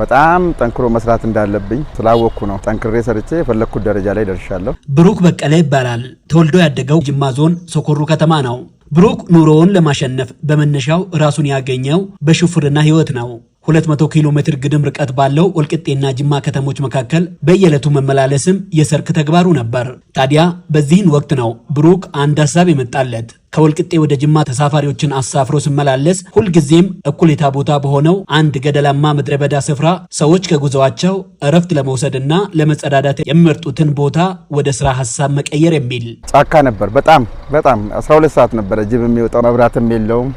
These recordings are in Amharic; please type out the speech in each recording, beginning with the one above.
በጣም ጠንክሮ መስራት እንዳለብኝ ስላወቅኩ ነው። ጠንክሬ ሰርቼ የፈለግኩት ደረጃ ላይ ደርሻለሁ። ብሩክ በቀለ ይባላል። ተወልዶ ያደገው ጅማ ዞን ሶኮሩ ከተማ ነው። ብሩክ ኑሮውን ለማሸነፍ በመነሻው ራሱን ያገኘው በሹፍርና ህይወት ነው። 200 ኪሎ ሜትር ግድም ርቀት ባለው ወልቅጤና ጅማ ከተሞች መካከል በየዕለቱ መመላለስም የሰርክ ተግባሩ ነበር። ታዲያ በዚህን ወቅት ነው ብሩክ አንድ ሀሳብ የመጣለት። ከወልቅጤ ወደ ጅማ ተሳፋሪዎችን አሳፍሮ ስመላለስ ሁልጊዜም እኩሌታ ቦታ በሆነው አንድ ገደላማ ምድረ በዳ ስፍራ ሰዎች ከጉዞአቸው እረፍት ለመውሰድና ለመጸዳዳት የሚመርጡትን ቦታ ወደ ስራ ሀሳብ መቀየር የሚል ጫካ ነበር። በጣም በጣም 12 ሰዓት ነበረ ጅብ የሚወጣው መብራትም የለውም።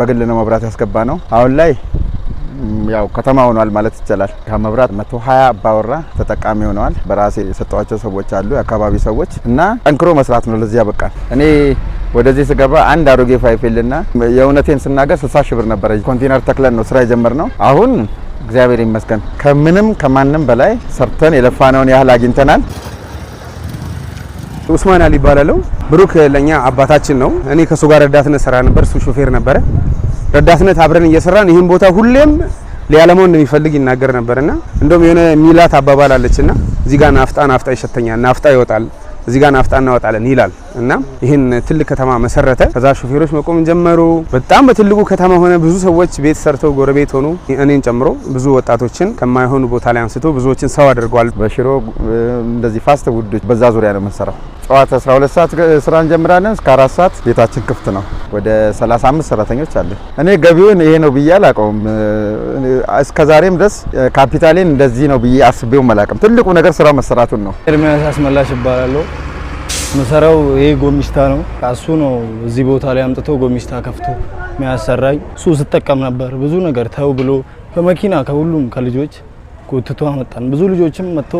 በግል ነው መብራት ያስገባ ነው አሁን ላይ ያው ከተማ ሆኗል ማለት ይቻላል። ከመብራት ሀያ አባወራ ተጠቃሚ ሆነዋል። በራሴ የሰጠዋቸው ሰዎች አሉ፣ የአካባቢ ሰዎች እና ጠንክሮ መስራት ነው ለዚያ በቃ እኔ ወደዚህ ስገባ አንድ አሮጌ ፋይፌልና የእውነቴን ስናገር ስልሳ ሺህ ብር ነበረ። ኮንቴነር ተክለን ነው ስራ ነው። አሁን እግዚአብሔር ይመስገን ከምንም ከማንም በላይ ሰርተን የለፋነውን ያህል አግኝተናል። ኡስማን አሊ ይባላለው። ብሩክ ለኛ አባታችን ነው። እኔ ከሱ ጋር ረዳትነት ሰራ ነበር፣ እሱ ሾፌር ነበረ። ረዳትነት አብረን እየሰራን ይህን ቦታ ሁሌም ሊያለመው እንደሚፈልግ ይናገር ነበርና እንደውም የሆነ ሚላት አባባል አለችና እዚህ ጋር ናፍጣ ናፍጣ ይሸተኛል፣ ናፍጣ ይወጣል፣ እዚህ ጋር ናፍጣ እናወጣለን ይላል እና ይህን ትልቅ ከተማ መሰረተ። ከዛ ሾፌሮች መቆም ጀመሩ። በጣም በትልቁ ከተማ ሆነ። ብዙ ሰዎች ቤት ሰርተው ጎረቤት ሆኑ። እኔን ጨምሮ ብዙ ወጣቶችን ከማይሆኑ ቦታ ላይ አንስቶ ብዙዎችን ሰው አድርገዋል። በሽሮ እንደዚህ ፋስት ውዶች በዛ ዙሪያ ነው መሰራው ጠዋት 12 ሰዓት ስራ እንጀምራለን። እስከ 4 ሰዓት ቤታችን ክፍት ነው። ወደ 35 ሰራተኞች አለ። እኔ ገቢውን ይሄ ነው ብዬ አላውቀውም። ዛሬም ድረስ ካፒታሌን እንደዚህ ነው ብዬ አስቤው አላውቅም። ትልቁ ነገር ስራ መሰራቱን ነው። ኤርሚያስ አስመላሽ ይባላለሁ። መሰራው ይሄ ጎሚስታ ነው። እሱ ነው እዚህ ቦታ ላይ አምጥቶ ጎሚስታ ከፍቶ የሚያሰራኝ። እሱ ስጠቀም ነበር ብዙ ነገር ተው ብሎ በመኪና ከሁሉም ከልጆች ጎትቶ አመጣን። ብዙ ልጆችም መጥቶ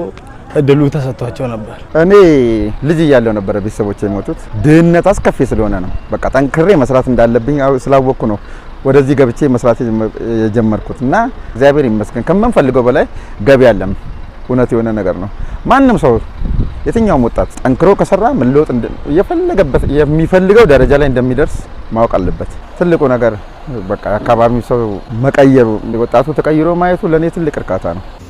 እድሉ ተሰጥቷቸው ነበር። እኔ ልጅ እያለሁ ነበረ ቤተሰቦች የሞቱት። ድህነት አስከፊ ስለሆነ ነው። በቃ ጠንክሬ መስራት እንዳለብኝ ስላወቅኩ ነው ወደዚህ ገብቼ መስራት የጀመርኩት እና እግዚአብሔር ይመስገን ከምንፈልገው በላይ ገቢ አለም። እውነት የሆነ ነገር ነው። ማንም ሰው የትኛውም ወጣት ጠንክሮ ከሰራ መለወጥ እየፈለገበት የሚፈልገው ደረጃ ላይ እንደሚደርስ ማወቅ አለበት። ትልቁ ነገር በቃ አካባቢው ሰው መቀየሩ፣ ወጣቱ ተቀይሮ ማየቱ ለእኔ ትልቅ እርካታ ነው።